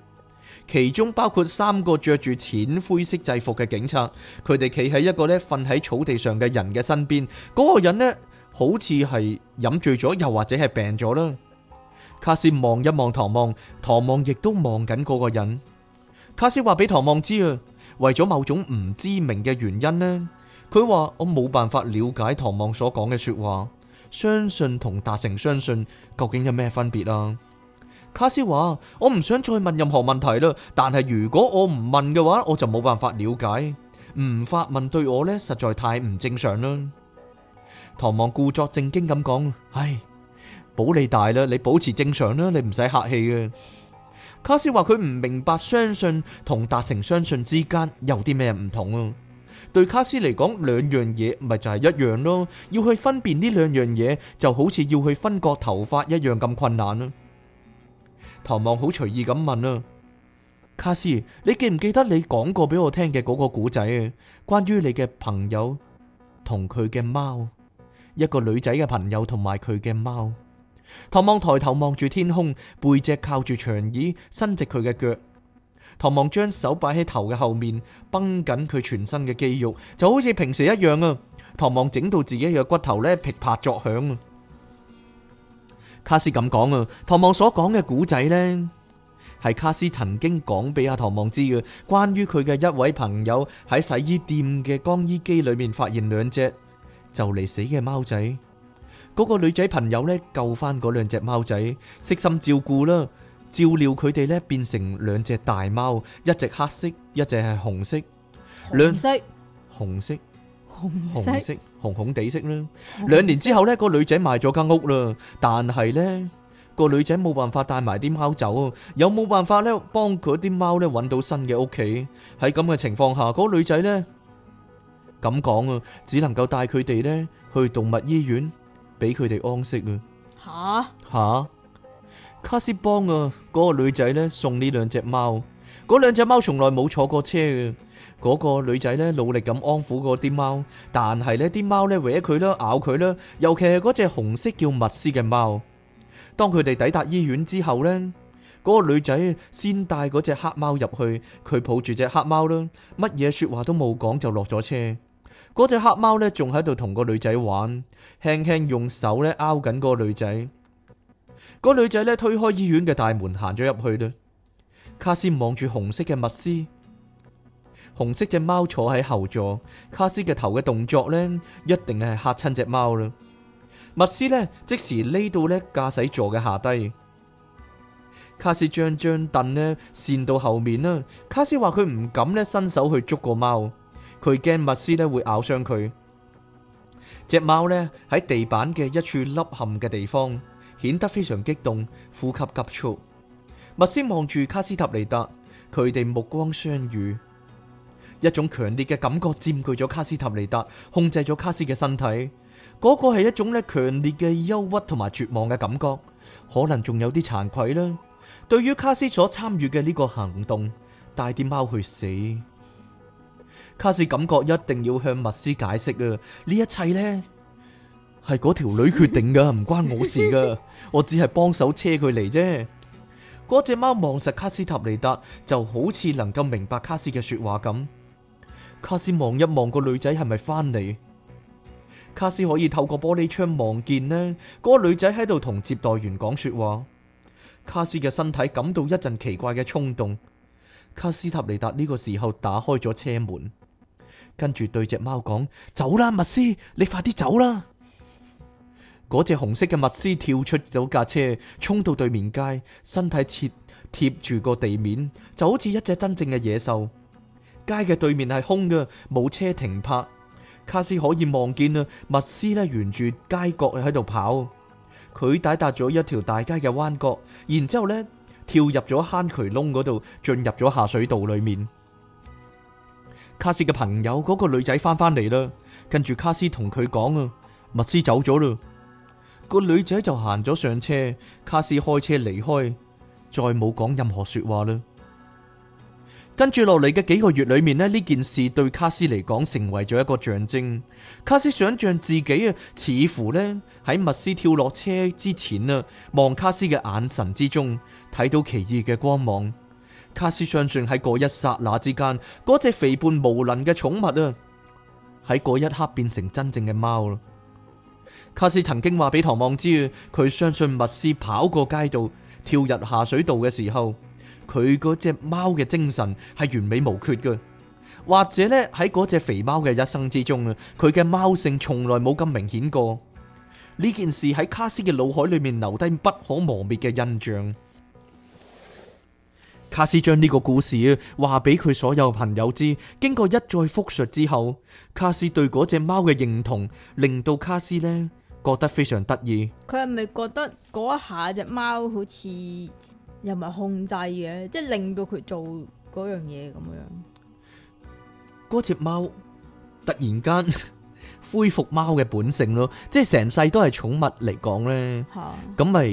其中包括三個着住淺灰色制服嘅警察。佢哋企喺一個咧瞓喺草地上嘅人嘅身邊，嗰個人呢，好似係飲醉咗，又或者係病咗啦。卡斯望一望唐望，唐望亦都望緊嗰個人。卡斯話俾唐望知啊，為咗某種唔知名嘅原因呢，佢話我冇辦法了解唐望所講嘅說話，相信同達成相信究竟有咩分別呀？卡斯話我唔想再問任何問題啦，但係如果我唔問嘅話，我就冇辦法了解。唔發問對我呢實在太唔正常啦。唐望故作正經咁講，唉。保你大啦，你保持正常啦，你唔使客氣啊。卡斯話佢唔明白，相信同達成相信之間有啲咩唔同啊？對卡斯嚟講，兩樣嘢咪就係一樣咯。要去分辨呢兩樣嘢，就好似要去分割頭髮一樣咁困難啊。唐望好隨意咁問啦，卡斯，你記唔記得你講過俾我聽嘅嗰個古仔啊？關於你嘅朋友同佢嘅貓，一個女仔嘅朋友同埋佢嘅貓。唐望抬頭望住天空，背脊靠住長椅，伸直佢嘅腳。唐望將手擺喺頭嘅後面，繃緊佢全身嘅肌肉，就好似平時一樣啊！唐望整到自己嘅骨頭咧噼啪作響。卡斯咁講啊，唐望所講嘅古仔呢，係卡斯曾經講俾阿唐望知嘅，關於佢嘅一位朋友喺洗衣店嘅乾衣機裏面發現兩隻就嚟死嘅貓仔。嗰個女仔朋友呢救翻嗰兩隻貓仔，悉心照顧啦，照料佢哋呢變成兩隻大貓，一隻黑色，一隻係紅色，兩色紅色，紅色，紅紅哋色啦。兩年之後呢，個女仔賣咗間屋啦，但係呢個女仔冇辦法帶埋啲貓走啊，有冇辦法呢幫佢啲貓呢搵到新嘅屋企？喺咁嘅情況下，嗰個女仔呢咁講啊，只能夠帶佢哋呢去動物醫院。俾佢哋安息啊！吓吓，卡斯邦啊，嗰個女仔呢送呢兩隻貓，嗰兩隻貓從來冇坐過車嘅。嗰個女仔呢努力咁安撫嗰啲貓，但係呢啲貓呢搲佢啦，咬佢啦，尤其係嗰隻紅色叫密斯嘅貓。當佢哋抵達醫院之後呢，嗰個女仔先帶嗰隻黑貓入去，佢抱住隻黑貓啦，乜嘢說話都冇講就落咗車。嗰隻黑貓呢，仲喺度同個女仔玩，輕輕用手呢，拗緊個女仔。嗰、那個、女仔呢，推開醫院嘅大門，行咗入去啦。卡斯望住紅色嘅密斯，紅色隻貓坐喺後座。卡斯嘅頭嘅動作呢，一定係吓親隻貓啦。密斯呢，即時匿到呢駕駛座嘅下低。卡斯將張凳呢，扇到後面啦。卡斯話佢唔敢呢伸手去捉個貓。佢驚麥斯咧會咬傷佢，隻貓呢喺地板嘅一處凹陷嘅地方，顯得非常激動，呼吸急促。麥斯望住卡斯塔尼達，佢哋目光相遇，一種強烈嘅感覺佔據咗卡斯塔尼達，控制咗卡斯嘅身體。嗰、那個係一種咧強烈嘅憂鬱同埋絕望嘅感覺，可能仲有啲慚愧啦，對於卡斯所參與嘅呢個行動，帶啲貓去死。卡斯感覺一定要向密斯解釋啊！呢一切呢，係嗰條女決定噶，唔關我的事噶，我只係幫手車佢嚟啫。嗰隻貓望實卡斯塔尼達，就好似能夠明白卡斯嘅說話咁。卡斯望一望個女仔係咪翻嚟？卡斯可以透過玻璃窗望見呢。嗰、那個女仔喺度同接待員講說話。卡斯嘅身體感到一陣奇怪嘅衝動。卡斯塔尼達呢個時候打開咗車門。跟住對隻貓講：走啦，密斯，你快啲走啦！嗰隻紅色嘅密斯跳出咗架車，衝到對面街，身體切貼貼住個地面，就好似一隻真正嘅野獸。街嘅對面係空嘅，冇車停泊。卡斯可以望見啦，密斯咧沿住街角喺度跑，佢抵達咗一條大街嘅彎角，然之後咧跳入咗坑渠窿嗰度，進入咗下水道裏面。卡斯嘅朋友嗰個女仔翻返嚟啦，跟住卡斯同佢講啊，密斯走咗啦，個女仔就行咗上車，卡斯開車離開，再冇講任何說話啦。跟住落嚟嘅幾個月裏面呢，呢件事對卡斯嚟講成為咗一個象徵。卡斯想象自己啊，似乎呢喺密斯跳落車之前啊，望卡斯嘅眼神之中睇到奇異嘅光芒。卡斯相信喺嗰一刹那之間，嗰隻肥胖無能嘅寵物啊，喺嗰一刻變成真正嘅貓啦。卡斯曾經話俾唐望知，佢相信密斯跑過街道、跳入下水道嘅時候，佢嗰隻貓嘅精神係完美無缺嘅。或者呢，喺嗰隻肥貓嘅一生之中啊，佢嘅貓性從來冇咁明顯過。呢件事喺卡斯嘅腦海裏面留低不可磨滅嘅印象。卡斯將呢個故事話俾佢所有朋友知，經過一再複述之後，卡斯對嗰隻貓嘅認同，令到卡斯呢覺得非常得意。佢係咪覺得嗰一下隻貓好似又唔係控制嘅，即係令到佢做嗰樣嘢咁樣？嗰隻貓突然間 恢復貓嘅本性咯，即係成世都係寵物嚟講呢。咁咪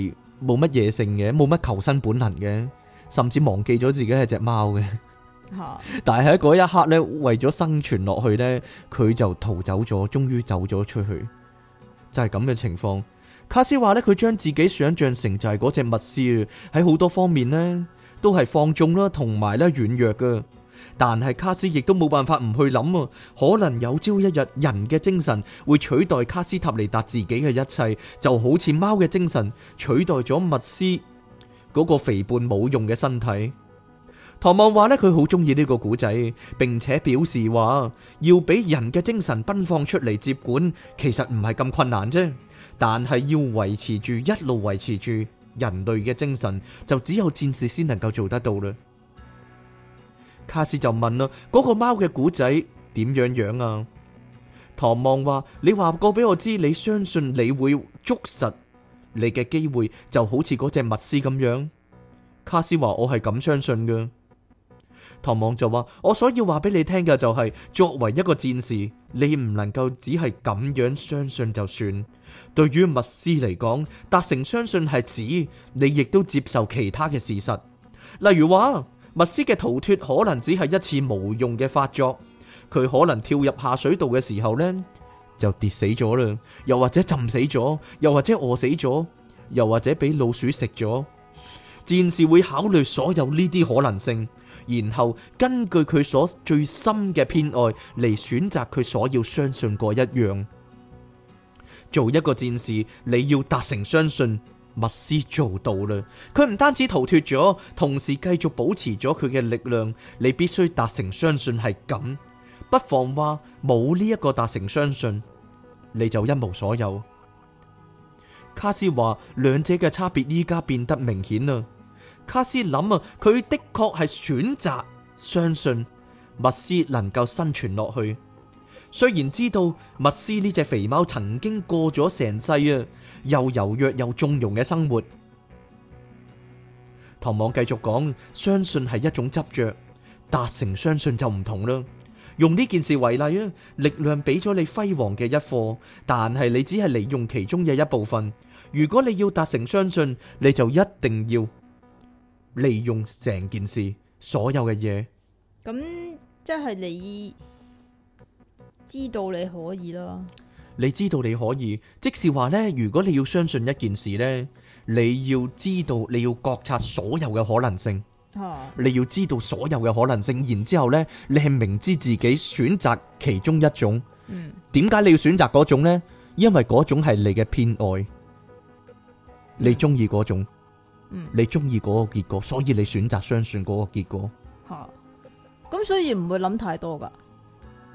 冇乜野性嘅，冇乜求生本能嘅。甚至忘記咗自己係隻貓嘅， 但係喺嗰一刻呢，為咗生存落去呢，佢就逃走咗，終於走咗出去，就係咁嘅情況。卡斯話呢，佢將自己想象成就係嗰隻密斯，喺好多方面呢都係放縱啦，同埋咧軟弱噶。但係卡斯亦都冇辦法唔去諗啊，可能有朝一日人嘅精神會取代卡斯塔尼達自己嘅一切，就好似貓嘅精神取代咗密斯。嗰個肥胖冇用嘅身體，唐望話呢，佢好中意呢個古仔，並且表示話要俾人嘅精神奔放出嚟，接管，其實唔係咁困難啫。但係要維持住一路維持住人類嘅精神，就只有戰士先能夠做得到啦。卡斯就問啦：嗰、那個貓嘅古仔點樣樣啊？唐望話：你話過俾我知，你相信你會捉實。你嘅機會就好似嗰隻密斯咁樣，卡斯話我係咁相信嘅。唐望就話：我所要話俾你聽嘅就係、是，作為一個戰士，你唔能夠只係咁樣相信就算。對於密斯嚟講，達成相信係指你亦都接受其他嘅事實，例如話密斯嘅逃脱可能只係一次無用嘅發作，佢可能跳入下水道嘅時候呢。就跌死咗啦，又或者浸死咗，又或者餓死咗，又或者俾老鼠食咗。戰士會考慮所有呢啲可能性，然後根據佢所最深嘅偏愛嚟選擇佢所要相信過一樣。做一個戰士，你要達成相信，密斯做到啦。佢唔單止逃脫咗，同時繼續保持咗佢嘅力量。你必須達成相信，係咁。不妨話冇呢一個達成相信，你就一無所有。卡斯話，兩者嘅差別依家變得明顯啦。卡斯諗啊，佢的確係選擇相信密斯能夠生存落去，雖然知道密斯呢隻肥貓曾經過咗成世啊，又柔弱又縱容嘅生活。唐望繼續講，相信係一種執着，達成相信就唔同啦。用呢件事為例啊，力量俾咗你輝煌嘅一課，但係你只係利用其中嘅一部分。如果你要達成相信，你就一定要利用成件事所有嘅嘢。咁即係你知道你可以囉。你知道你可以，即是話呢，如果你要相信一件事呢，你要知道你要覺察所有嘅可能性。你要知道所有嘅可能性，然之後呢，你係明知自己選擇其中一種。點解、嗯、你要選擇嗰種呢？因為嗰種係你嘅偏愛，嗯、你中意嗰種，嗯、你中意嗰個結果，所以你選擇相信嗰個結果。吓、嗯，咁所以唔會諗太多噶。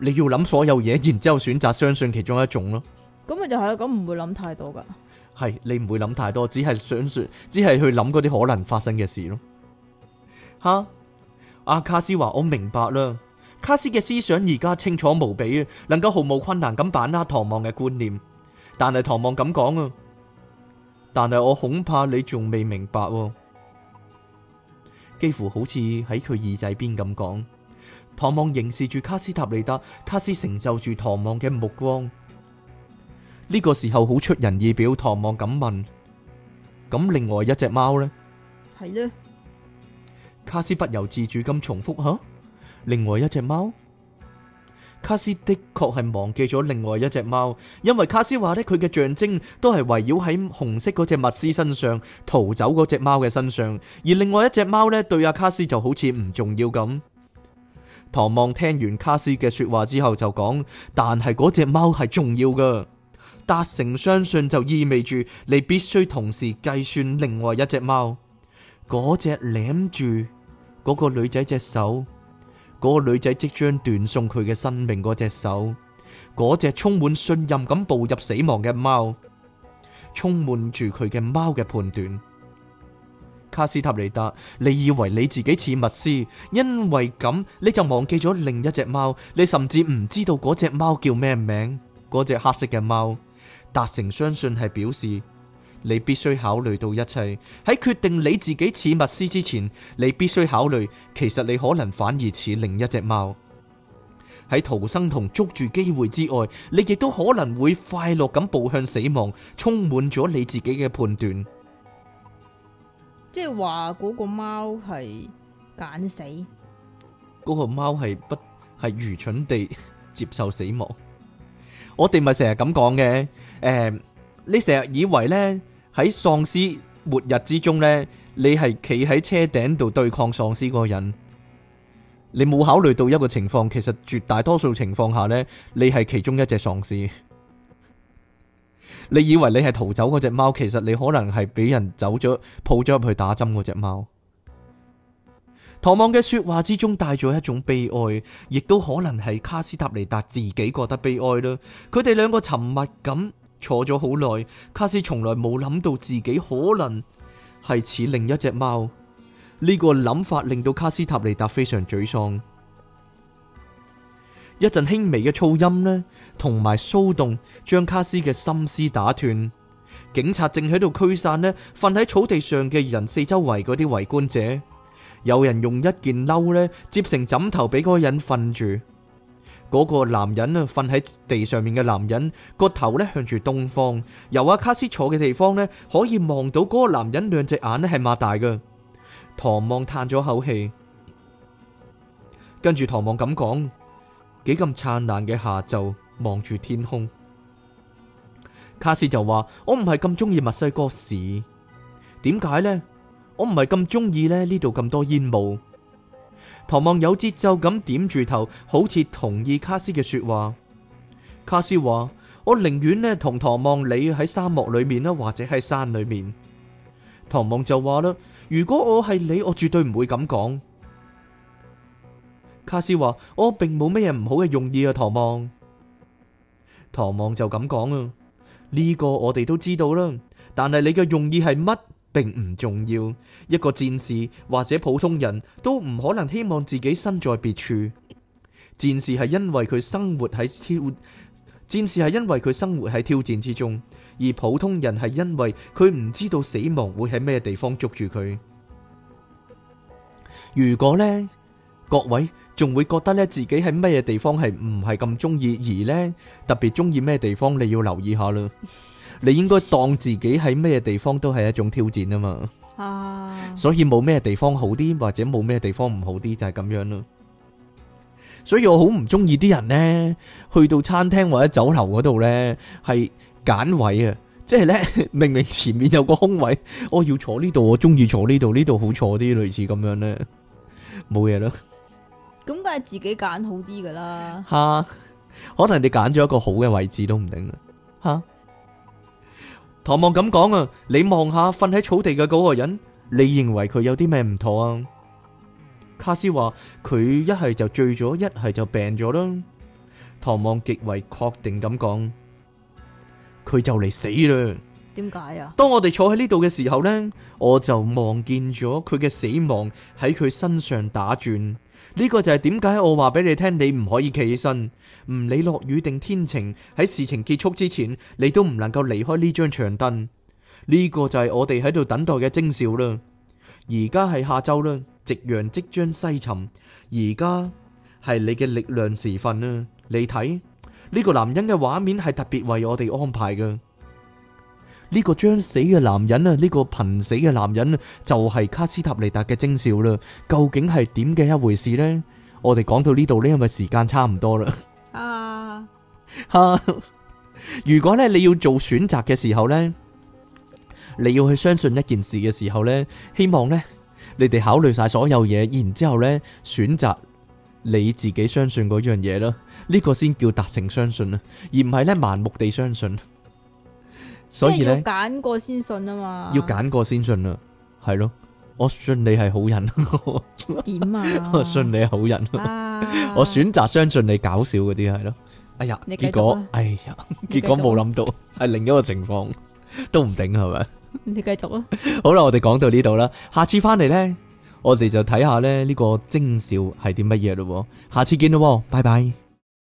你要諗所有嘢，然之後選擇相信其中一種咯。咁咪就係咯，咁唔會諗太多噶。係、嗯嗯嗯，你唔會諗太多，只係想說，只係去諗嗰啲可能發生嘅事咯。哈，阿、啊、卡斯話，我明白啦，卡斯嘅思想，而家清楚無比啊，能夠毫無困難咁把握唐望嘅觀念。但係唐望咁講啊，但係我恐怕你仲未明白、哦，幾乎好似喺佢耳仔邊咁講。唐望凝視住卡斯塔利達，卡斯承受住唐望嘅目光。呢、這個時候好出人意表，唐望咁問：「咁另外一隻貓呢？係啊。」卡斯不由自主咁重複吓、啊，另外一隻貓，卡斯的確係忘記咗另外一隻貓，因為卡斯話呢，佢嘅象徵都係圍繞喺紅色嗰隻墨斯身上，逃走嗰隻貓嘅身上，而另外一隻貓呢，對阿卡斯就好似唔重要咁。唐望聽完卡斯嘅說話之後就講，但係嗰隻貓係重要噶，達成相信就意味住你必須同時計算另外一隻貓，嗰隻舐住。嗰個女仔隻手，嗰、那個女仔即將斷送佢嘅生命嗰隻手，嗰隻充滿信任咁步入死亡嘅貓，充滿住佢嘅貓嘅判斷。卡斯塔尼達，你以為你自己似密斯，因為咁你就忘記咗另一隻貓，你甚至唔知道嗰隻貓叫咩名，嗰隻黑色嘅貓。達成相信係表示你必須考慮到一切。喺決定你自己似密斯之前，你必須考慮，其實你可能反而似另一隻貓。喺逃生同捉住機會之外，你亦都可能會快樂咁步向死亡，充滿咗你自己嘅判斷。即係話嗰個貓係揀死，嗰個貓係不係愚蠢地接受死亡？我哋咪成日咁講嘅，誒、欸，你成日以為呢。喺喪屍末日之中呢，你係企喺車頂度對抗喪屍嗰個人，你冇考慮到一個情況，其實絕大多數情況下呢，你係其中一隻喪屍。你以為你係逃走嗰隻貓，其實你可能係俾人走咗抱咗入去打針嗰隻貓。唐望嘅說話之中帶咗一種悲哀，亦都可能係卡斯塔尼達自己覺得悲哀啦。佢哋兩個沉默咁，坐咗好耐，卡斯從來冇諗到自己可能係似另一隻貓。呢、這個諗法令到卡斯塔尼達非常沮喪。一陣輕微嘅噪音呢，同埋騷動，將卡斯嘅心思打斷。警察正喺度驅散呢瞓喺草地上嘅人，四周圍嗰啲圍觀者，有人用一件褸呢，折成枕頭俾嗰個人瞓住。嗰個男人咧，瞓喺地上面嘅男人個頭咧，向住東方，由阿卡斯坐嘅地方咧，可以望到嗰個男人兩隻眼咧係擘大嘅。唐望嘆咗口氣，跟住唐望咁講：幾咁燦爛嘅下晝，望住天空。卡斯就話：我唔係咁中意墨西哥市，點解呢？我唔係咁中意咧呢度咁多煙霧。唐望有節奏咁點住頭，好似同意卡斯嘅說話。卡斯話：我寧願呢同唐望你喺沙漠裏面啦，或者喺山裏面。唐望就話啦：如果我係你，我絕對唔會咁講。卡斯話：我並冇咩唔好嘅用意啊，唐望。唐望就咁講啊，呢個我哋都知道啦，但係你嘅用意係乜？並唔重要，一個戰士或者普通人都唔可能希望自己身在別處。戰士係因為佢生活喺挑，戰士係因為佢生活喺挑戰之中，而普通人係因為佢唔知道死亡會喺咩地方捉住佢。如果呢各位仲會覺得呢自己喺咩地方係唔係咁中意，而呢特別中意咩地方，你要留意下啦。你應該當自己喺咩地方都係一種挑戰啊嘛，啊所以冇咩地方好啲，或者冇咩地方唔好啲就係、是、咁樣咯。所以我好唔中意啲人呢，去到餐廳或者酒樓嗰度呢，係揀位啊，即係呢，明明前面有個空位，我、哦、要坐呢度，我中意坐呢度，呢度好坐啲，類似咁樣咧，冇嘢咯。咁梗係自己揀好啲噶啦，吓、啊，可能你揀咗一個好嘅位置都唔定啦，吓、啊。唐望咁講啊，你望下瞓喺草地嘅嗰個人，你認為佢有啲咩唔妥啊？卡斯話佢一係就醉咗，一係就病咗囉。唐望極為確定咁講，佢就嚟死啦。點解啊？當我哋坐喺呢度嘅時候呢，我就望見咗佢嘅死亡喺佢身上打轉。呢個就係點解我話俾你聽，你唔可以企起身，唔理落雨定天晴，喺事情結束之前，你都唔能夠離開呢張長凳。呢個就係我哋喺度等待嘅徵兆啦。而家係下晝啦，夕陽即將西沉，而家係你嘅力量時分啦。你睇呢個男人嘅畫面係特別為我哋安排嘅。呢個將死嘅男人啊，呢、這個瀕死嘅男人就係、是、卡斯塔尼達嘅徵兆啦。究竟係點嘅一回事呢？我哋講到呢度呢，因為時間差唔多啦。啊， 如果咧你要做選擇嘅時候呢，你要去相信一件事嘅時候呢，希望呢，你哋考慮晒所有嘢，然之後咧選擇你自己相信嗰樣嘢咯。呢、這個先叫達成相信啦，而唔係咧盲目地相信。所以咧，要揀過先信啊嘛，要揀過先信啊，係咯，我信你係好人，點啊？啊 我信你係好人、啊，啊、 我選擇相信你，搞笑嗰啲係咯，哎呀，啊、結果，哎呀，結果冇諗到，係另一個情況，都唔頂，係咪？你繼續啊， 好啦，我哋講到呢度啦，下次翻嚟咧，我哋就睇下咧呢個徵兆係啲乜嘢咯，下次見咯喎，拜拜。